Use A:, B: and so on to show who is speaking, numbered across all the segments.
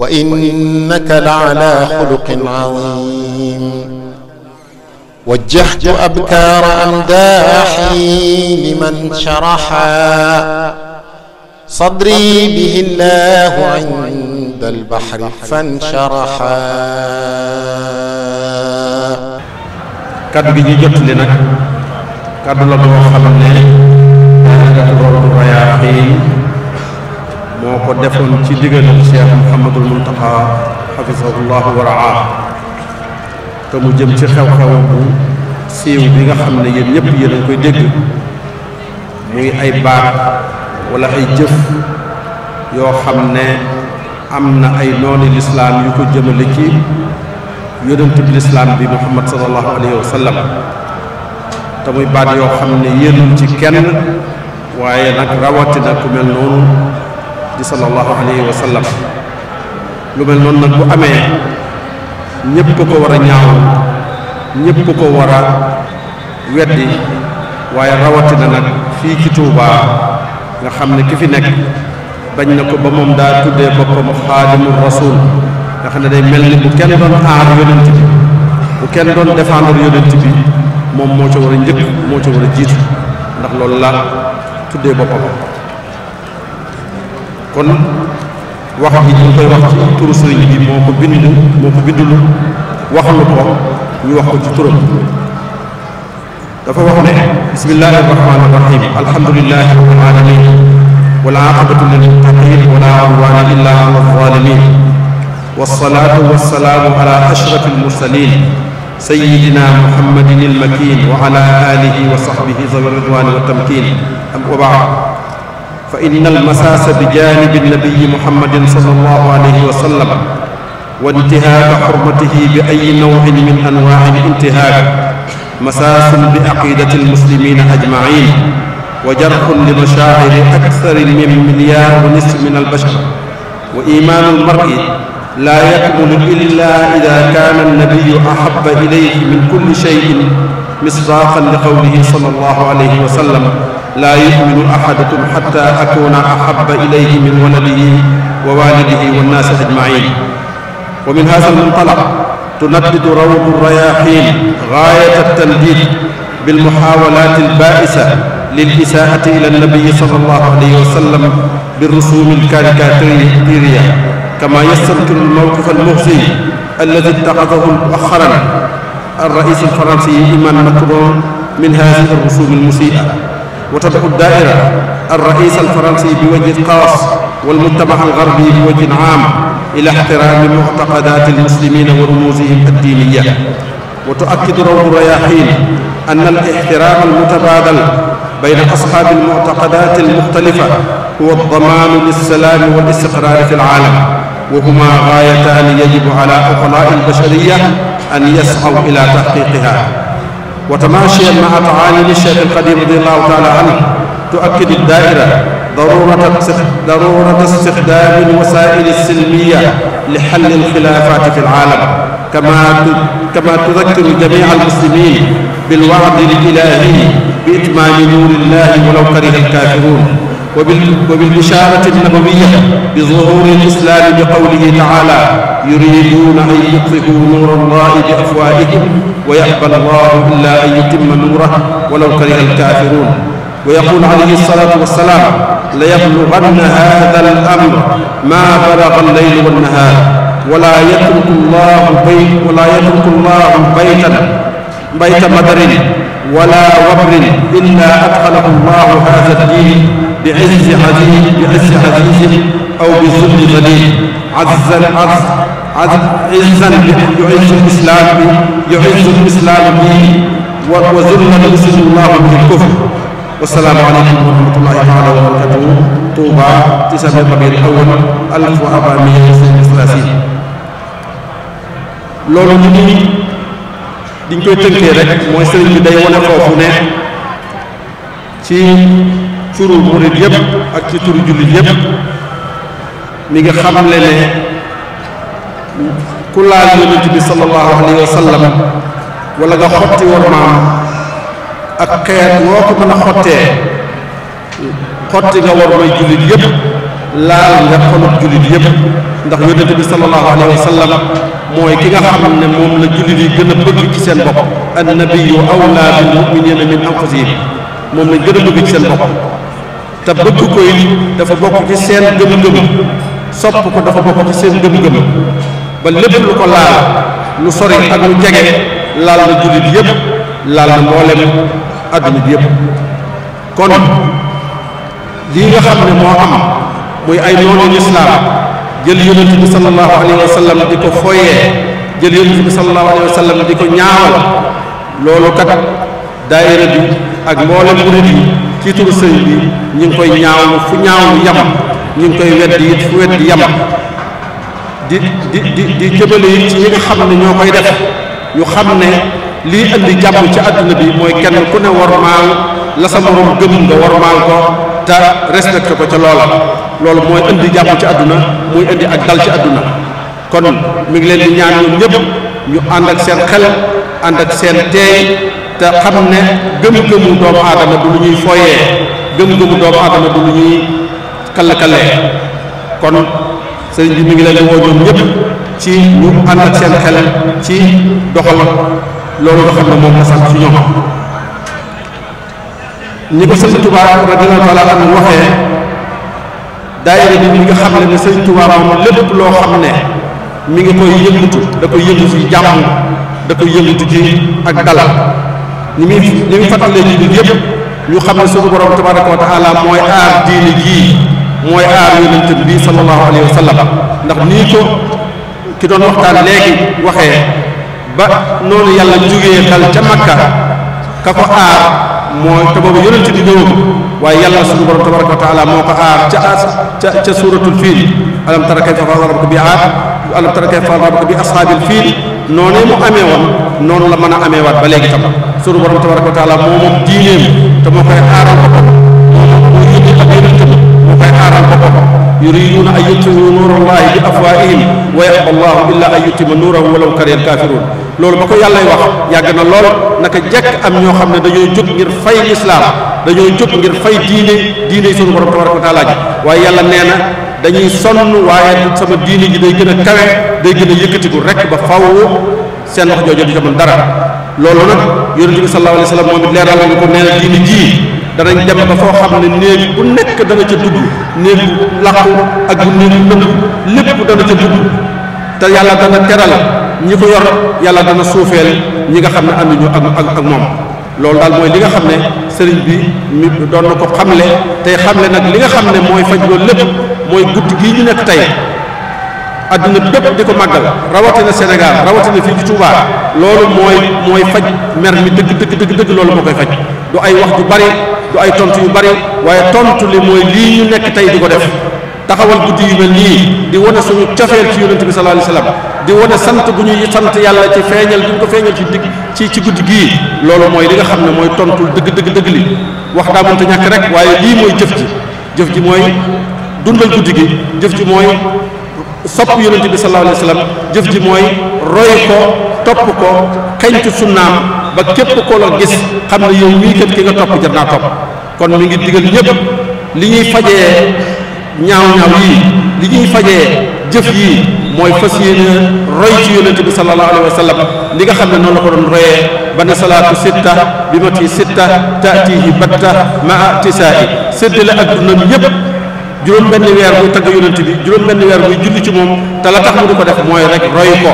A: wa innaka la ala xuluqin azim wajjahtu abkaara amdaaxi liman sharaxa sadri bihi llahu inda al-bahri fansharaxa kaddu gi ñuy jottali nag kaddu la boo xam ne daanaka borom royaaxiin moo ko defoon ci digganal Cheikh Mouhamadul Muntaxa xafisahullahu wa raa te mu jëm ci xew-xew bu siiw bi nga xam ne yéen ñépp yéen a ngi koy dégg muy ay baat wala ay jëf yoo xam ne am na ay nooni lislaam yu ko jëmale ci yonentub lislaam bi muhammad sallallahu alayhi wa sallam muy baat yoo xam ne yéenul ci kenn waaye nag rawatina ku mel noonu di sallallahu alayhi wa sallam lu mel noonu nag bu amee ñépp ko war a ñaawal ñépp ko war a weddi waaye rawatina nag fii ci Tuubaa nga xam ne ki fi nekk bañ na ko ba moom daa tuddee boppam xaadimul rasul nga xam ne day mel ni bu kenn doon aar yonent bi bu kenn doon défendre yonent bi moom moo ci war a njëkk moo ci war a jiitu ndax loolu la tuddee boppam kon wax bi ñu koy wax ci turu sëriñ bi moo ko bind moo ko bindulu waxalu ko ñu wax ko ci turam dafa wax ne bismillahi arrahmani irrahim alhamdulilahi rabbil alamin wal aqibatu lil muttaqin wala udwana illa ala alzalimin wassalatu wassalamu ala ashrafil mursalin sayyidina muhammadin almakin wa ala alihi wa sahbihi zawi ridwani wa tamkin am wa baad fa inna almasaasa bi jaanibi nabiyi muhammadin sallallahu alayhi wa sallam wa intihaaka xurmatihi bi ay nawin min anwaai intihaak masaasun bi aqidati almuslimina ajmain wa jarxun li mashaa'iri aksari min milyaar wa nisf min albashar wa iimaanu almar'i laa yakmulu illaa idaa kaana annabiyu ahabba ilayhi min kulli shay'in misdaaqan li qawlihi sallallahu alayhi wa sallam laa yuminu ahadukum xatta akuna ahaba ilayhi min waladihi wa walidihi wannaasi ajmain wa min haza almuntalaq tunaddidu rawdu rayaxin gaayat altandid bilmuxawalat albaisa lilisaati ila alnabiyi sal allahu alayhi wa sallam birusumi alkarikatiriya kama yastankiru almawqif almuxzi alladi ittaxadahu muaxaran alrais alfaransi Emmanuel Macron min hazihi arusum almusia وتدعو الدائرة الرئيس الفرنسي بوجه خاص والمجتمع الغربي بوجه عام إلى احترام معتقدات المسلمين ورموزهم الدينية وتؤكد روم الرياحين أن الاحترام المتبادل بين أصحاب المعتقدات المختلفة هو الضمان للسلام والاستقرار في العالم وهما غايتان يجب على عقلاء البشرية أن يسعوا إلى تحقيقها وتماشيا مع تعاليم الشيخ القديم رضي الله تعالى عنه تؤكد الدائرة ضرورة ضرورة استخدام الوسائل السلمية لحل الخلافات في العالم كما كما تذكر جميع المسلمين بالوعد الإلهي بإتمام نور الله ولو كره الكافرون وبالبشارة النبوية بظهور الإسلام بقوله تعالى يريدون أن يطفئوا نور الله بأفواههم ويأبى الله إلا أن يتم نوره ولو كره الكافرون ويقول عليه الصلاة والسلام ليبلغن هذا الأمر ما بلغ الليل والنهار ولا يترك الله بيت ولا يترك الله بيتا بيت مدر ولا وبر إلا أدخله الله هذا الدين بعز عزيز بعز عزيز أو بذل ذليل عز العز عزا يعز الإسلام يعز الإسلام به وذلا يذل الله به الكفر والسلام عليكم ورحمة الله تعالى وبركاته طوبى تسعة ربيع الأول 1433 loolu ñu ngi diñ koy tënkee rek mooy sëriñ bi day wane foofu ne ci turu murid yëpp ak ci turu jullit yëpp mi ngi xamle ne ku laal yonent bi sallallahu alayhi wa sallam wala nga xotti war maam ak xeet woo ko mën a xottee xotti nga war mooy jullit yëpp laal nga xolub jullit yëpp ndax yonente bi sallallahu alayhi wa mooy ki nga xam ne moom la jullit yi gën a bëgg ci seen bopp annabiyu awla bil muminina min anfusihim moom lañ gën a bëgg ci seen bopp te bëgg koy dafa bokk ci seen gëm-gëm sopp ko dafa bokk ci seen gëm-gëm ba lépp lu ko laal lu sori ak lu jege laal na jullit yëpp laal na mboolem àdduna bi yëpp kon lii nga xam ne moo am muy ay noonu lislaam jël yonent bi sallallahu alayhi wa di ko foyee jël yonent bi sallallahu alayhi sallam di ko ñaawal loolu kat daayira bi ak mboolem murid yi ci turu bi ñu ngi koy ñaawlu fu ñaawlu yam ñu ngi koy weddi it fu weddi yam di di di di jëmale ci ñi nga xam ne ñoo koy def ñu xam ne lii indi jàmm ci àdduna bi mooy kenn ku ne war la sa morom gëm nga war ko te respecté ko ca loola loolu mooy indi jàmm ci àdduna muy indi ak dal ci àdduna kon mi ngi leen di ñaan ñoom ñëpp ñu ànd ak seen xel ànd ak seen teey te xam ne gëm-gëmu doomu aadama du lu ñuy fooyee gëm-gëmu doomu aadama du lu ñuy kallakalee kon sëriñ bi ngi leen di woo ñoom ñëpp ci ñu ànd ak seen xel ci doxal loolu nga xam ne moom la ci ñoom ñi ko sëriñ Tuubaa radiyallaahu taala anhu waxee daayira bi mi nga xam ne ne sëñ Tuubaa moom lépp loo xam ne mi ngi koy yëngatu da koy yëngatu ci jàmm da koy yëngatu ci ak dalal ñi muy ñi muy fàttalee ji bi yëpp ñu xam ne suñu borom tabaraka wa taala mooy aar diine jii mooy aar yonent bi sallallahu alayhi wa sallam ndax nii ko ki doon waxtaan léegi waxee ba noonu yàlla jógee dal ca makka ka ko aar mooy te boobu yonent bi ñëwagul waaye yàlla suñu borom tabaraka wa taala moo ko aar ca ca ca suuratul fiil alam tara kayfa fa'ala rabbuka bi aad alam tara kayfa fa'ala rabbuka bi ashaabil fiil noonee mu amee woon noonu la mën a amee waat ba léegi tam suñu borom tabaraka wa taala moo moom diineem te moo koy aaral boppam moo indi ak yonent bi moo koy aaral boppam yuriduuna an yutfiu nuura allahi bi afwaahihim wa yaxba allahu illa an yutima nuurahu walaw kariha alkaafiruun loolu ba ko yàllay wax yàgg na lool naka jekk am ñoo xam ne dañoo jóg ngir fay lislaam dañoo jóg ngir fay diine diine sunu borom tabaraka wa taala ji waaye yàlla nee na dañuy sonn waaye sama diine ji day gën a kawe day gën a yëkkatiku rek ba faw seen wax jooju du ca mën dara loolu nag yonent bi sallallahu alayhi wa sallam moom it leeral na ko nee na diine jii danañ dem ba foo xam ne néeg bu nekk dana ca dugg néeg bu làqu ak bu néeg bu lënd lépp dana ca dugg te yàlla dana ñi ko yor yàlla dana suufeel ñi nga xam ne ànduñu ak ak ak moom loolu daal mooy li nga xam ne sëriñ bi mi doon na ko xamle tey xamle nag li nga xam ne mooy faj loolu lépp mooy guddi gii ñu nekk tey àdduna bépp di ko màggal rawatina Sénégal rawatina fii ci Touba loolu mooy mooy faj mer mi dëgg dëgg dëgg dëgg loolu moo koy faj du ay wax ju bari du ay tontu yu bari waaye tontu li mooy lii ñu nekk tey di ko def taxawal guddi yu mel nii di wane suñu cofeel ci yonent bi sallallahu di wane sant bu ñuy sant yàlla ci feeñal bi ñu ko feeñal ci digg ci ci guddi gii loolu mooy li nga xam ne mooy tontul dëgg dëgg dëgg li wax daa mënta ñàkk rek waaye lii mooy jëf ji jëf ji mooy dundal guddi gi jëf ji mooy sopp yonente bi sallallahu alayhi wa sallam jëf ji mooy roy ko topp ko xeñtu sunnaam ba képp ko la gis xam ne yow mii kat ki nga topp jar naa topp kon mi ngi digal ñëpp li ñuy fajee ñaaw ñaaw yii li ñuy fajee jëf yii mooy fas yéene roy ci yonente bi sallallahu alayhi wa li nga xam ne noonu la ko doon royee ba ne salaatu sitta bi ma mati sitta taatihi batta maa tisaa'i séddale ak dundam yépp juróom benn weer muy tagg yonent bi juróom benn weer muy julli ci moom te la tax mu di ko def mooy rek roy ko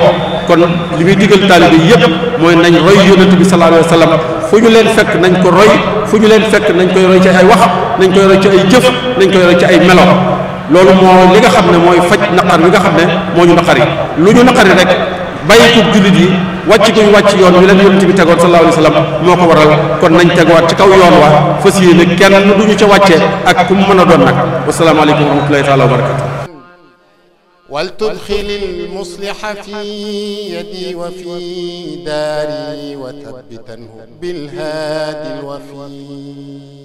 A: kon li muy digal taalibe yépp mooy nañ roy yonent bi sallallahu alayhi wa sallam fu ñu leen fekk nañ ko roy fu ñu leen fekk nañ koy roy ci ay wax nañ koy roy ci ay jëf nañ koy roy ci ay melo loolu moo li nga xam ne mooy faj naqar wi nga xam ne moo ñu naqari lu ñu naqari rek bàyyi ko jullit yi wàcc guñ wàcc yoon wi leen yonent bi tegoon sallallahu alayhi wa sallam moo ko waral kon nañ tegowaat ci kaw yoon wa fas yéene kenn du ñu ca wàccee ak ku mu mën a doon nag wasalaamu aleykum wa rahmatullahi wa barakatu wal tudxilil musliha fi yadi wa fi daari wa tabbitanhu bil haadi al wafi